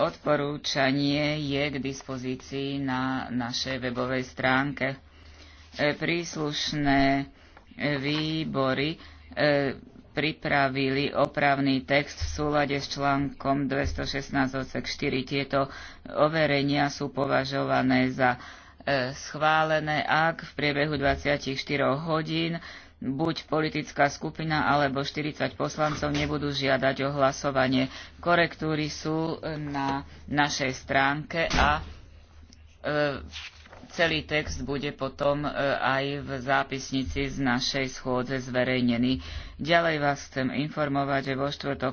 Odporúčanie je k dispozícii na našej webovej stránke. E, príslušné e, výbory e, pripravili opravný text v súlade s článkom 216 odsek 4. Tieto overenia sú považované za E, schválené, ak v priebehu 24 hodín buď politická skupina alebo 40 poslancov nebudú žiadať o hlasovanie. Korektúry sú e, na našej stránke a e, celý text bude potom aj v zápisnici z našej schôdze zverejnený. Ďalej vás chcem informovať, že vo štvrtok